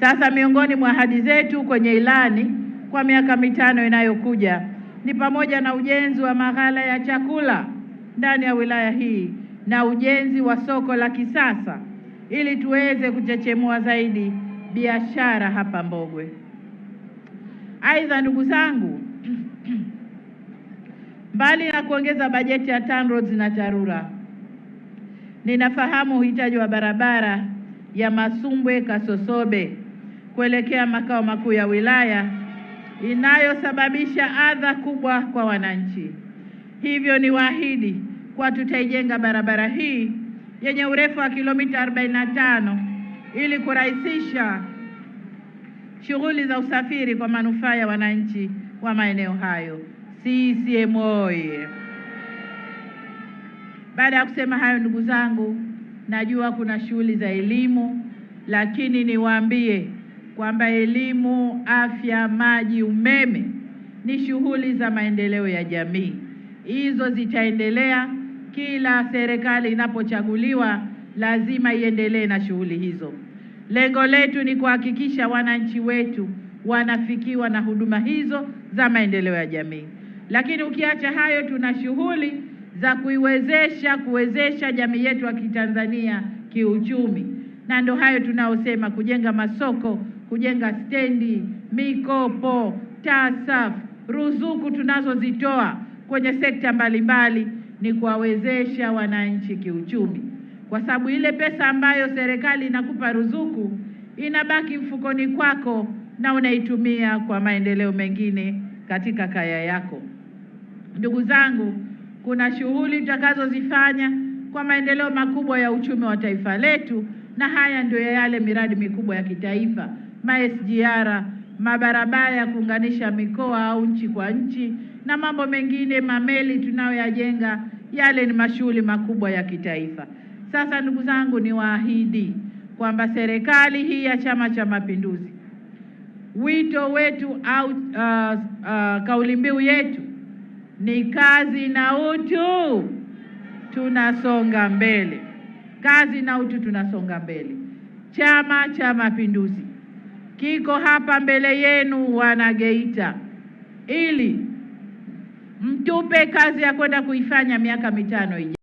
Sasa miongoni mwa ahadi zetu kwenye ilani kwa miaka mitano inayokuja ni pamoja na ujenzi wa maghala ya chakula ndani ya wilaya hii na ujenzi wa soko la kisasa ili tuweze kuchechemua zaidi biashara hapa Mbogwe. Aidha, ndugu zangu, mbali na kuongeza bajeti ya TANROADS na TARURA, ninafahamu uhitaji wa barabara ya Masumbwe Kasosobe kuelekea makao makuu ya wilaya inayosababisha adha kubwa kwa wananchi. Hivyo ni waahidi kuwa tutaijenga barabara hii yenye urefu wa kilomita 45 ili kurahisisha shughuli za usafiri kwa manufaa ya wananchi wa maeneo hayo. CCM oye! Baada ya kusema hayo, ndugu zangu, najua kuna shughuli za elimu, lakini niwaambie kwamba elimu, afya, maji, umeme ni shughuli za maendeleo ya jamii. Hizo zitaendelea kila serikali inapochaguliwa, lazima iendelee na shughuli hizo. Lengo letu ni kuhakikisha wananchi wetu wanafikiwa na huduma hizo za maendeleo ya jamii. Lakini ukiacha hayo, tuna shughuli za kuiwezesha kuwezesha jamii yetu ya Kitanzania kiuchumi, na ndo hayo tunaosema kujenga masoko kujenga stendi, mikopo, TASAF, ruzuku tunazozitoa kwenye sekta mbalimbali ni kuwawezesha wananchi kiuchumi, kwa sababu ile pesa ambayo serikali inakupa ruzuku inabaki mfukoni kwako na unaitumia kwa maendeleo mengine katika kaya yako. Ndugu zangu, kuna shughuli tutakazozifanya kwa maendeleo makubwa ya uchumi wa taifa letu, na haya ndio yale miradi mikubwa ya kitaifa MSGR, mabarabara ya kuunganisha mikoa au nchi kwa nchi na mambo mengine, mameli tunayoyajenga yale ni mashughuli makubwa ya kitaifa. Sasa ndugu zangu, niwaahidi kwamba serikali hii ya Chama cha Mapinduzi, wito wetu au uh, uh, kauli mbiu yetu ni kazi na utu tunasonga mbele, kazi na utu tunasonga mbele. Chama cha Mapinduzi kiko hapa mbele yenu, wana Geita, ili mtupe kazi ya kwenda kuifanya miaka mitano ijayo.